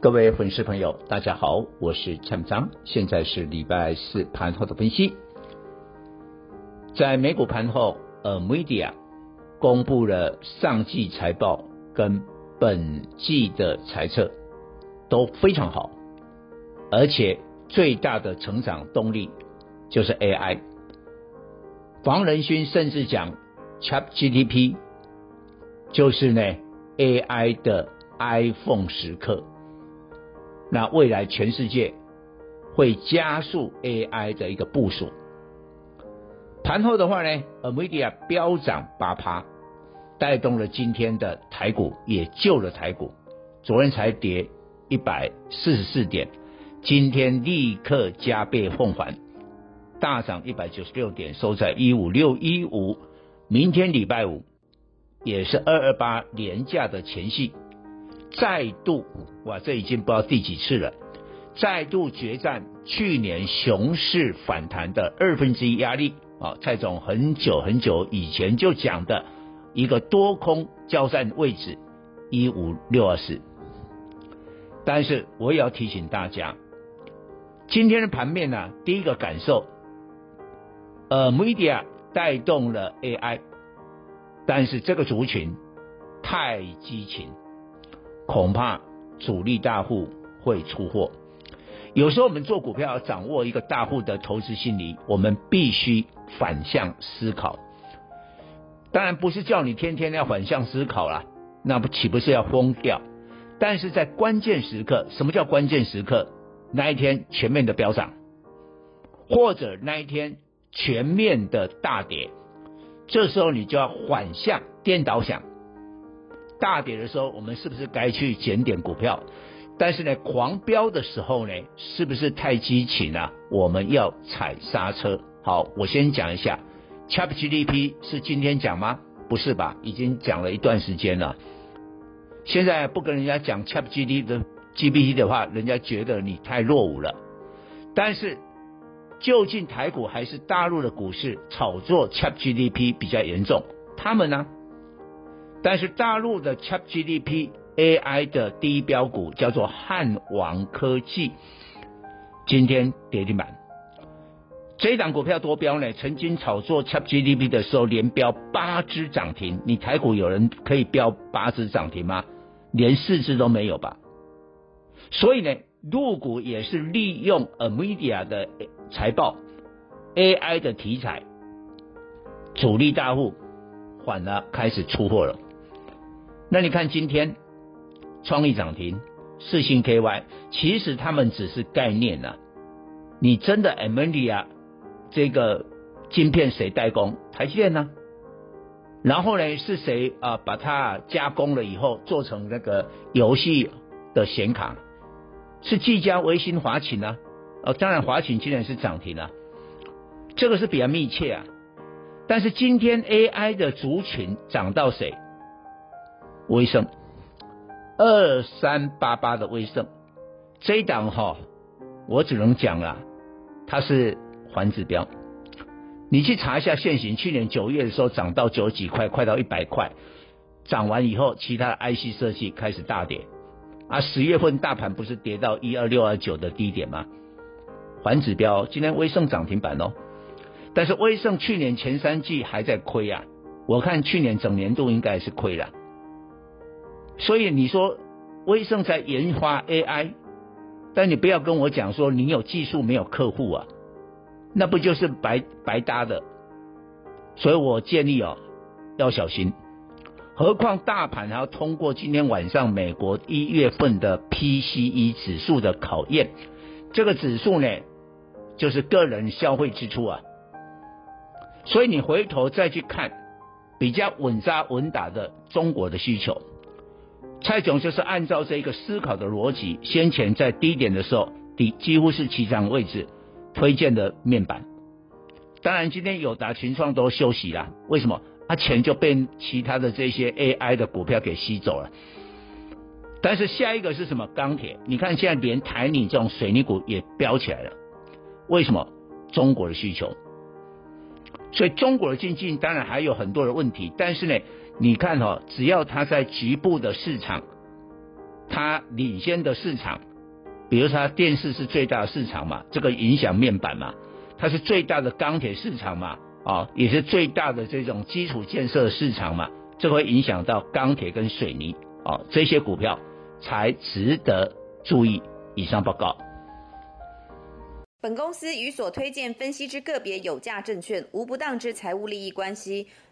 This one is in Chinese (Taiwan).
各位粉絲朋友，大家好，我是蔡明章。現在是禮拜四盤後的分析。在美股盤後呃，Amedia 公布了上季財報跟本季的財測都非常好，而且最大的成長動力就是 AI。黃仁勳甚至講，ChatGPT 就是呢 AI 的 iPhone 時刻。那未來全世界會加速 AI 的一個部署。盤後的話呢，NVIDIA 飆漲八趴，帶動了今天的台股，也救了台股。昨天才跌一百四十四點，今天立刻加倍奉還，大漲一百九十六點，收在一五六一五。明天禮拜五也是二二八連假的前夕。再度哇，這已經不知道第幾次了。再度決戰去年熊市反彈的二分之一壓力啊、哦！蔡總很久很久以前就講的一個多空交戰位置一五六二四。但是我也要提醒大家，今天的盤面呢、啊，第一個感受，呃，NVIDIA 帶動了 AI，但是這個族群太激情。恐怕主力大戶會出貨。有時候我們做股票要掌握一個大戶的投資心理，我們必須反向思考。當然不是叫你天天要反向思考了，那不豈不是要瘋掉？但是在關鍵時刻，什麼叫關鍵時刻？那一天全面的飆漲，或者那一天全面的大跌，這時候你就要反向顛倒想。大跌的時候，我們是不是該去撿點股票？但是呢，狂飆的時候呢，是不是太激情啊？我們要踩剎車。好，我先講一下，ChatGPT 是今天講嗎？不是吧，已經講了一段時間了。現在不跟人家講 ChatGPT 的 GPT 的話，人家覺得你太落伍了。但是，究竟台股還是大陸的股市炒作 ChatGPT 比較嚴重？他們呢？但是大陸的 ChatGDP AI 的第一標股叫做漢王科技，今天跌停板。這檔股票多標呢？曾經炒作 ChatGDP 的時候連標八隻漲停，你台股有人可以標八隻漲停嗎？連四隻都沒有吧。所以呢，陸股也是利用 NVIDIA 的財報 AI 的題材，主力大戶反而開始出貨了。那你看今天創意漲停，世芯 KY，其實他們只是概念啊，你真的 AMD 啊，這個晶片誰代工台積電呢、啊？然後呢是誰啊把它加工了以後做成那個遊戲的顯卡？是技嘉、微星、華擎啊？呃、哦、當然華擎今天是漲停啊，這個是比較密切啊。但是今天 AI 的族群漲到誰？威盛，二三八八的威盛，這一檔哈，我只能講啦，它是環指標。你去查一下現行，去年九月的時候漲到九十幾塊，快到一百塊，漲完以後，其他的 IC 設計開始大跌啊。十月份大盤不是跌到一二六二九的低點嗎？環指標今天威盛漲停板哦、喔，但是威盛去年前三季還在虧啊，我看去年整年度應該是虧了。所以你說微生在研發 AI，但你不要跟我講說你有技術沒有客戶啊，那不就是白白搭的。所以我建議哦，要小心。何況大盤還要通過今天晚上美國一月份的 PCE 指數的考驗，這個指數呢就是個人消費支出啊。所以你回頭再去看比較穩扎穩打的中國的需求。蔡總就是按照這一個思考的邏輯，先前在低點的時候，低幾乎是起漲位置推薦的面板。當然，今天友達群創都休息啦，為什麼？他錢就被其他的這些 AI 的股票給吸走了。但是下一個是什麼？鋼鐵？你看現在連台泥這種水泥股也飆起來了，為什麼？中國的需求。所以中國的經濟當然還有很多的問題，但是呢？你看哦，只要它在局部的市場，它領先的市場，比如說它電視是最大的市場嘛，這個影響面板嘛，它是最大的鋼鐵市場嘛，啊、哦，也是最大的這種基礎建設市場嘛，這會影響到鋼鐵跟水泥啊、哦，這些股票才值得注意。以上報告。本公司與所推薦分析之個別有價證券無不當之財務利益關係。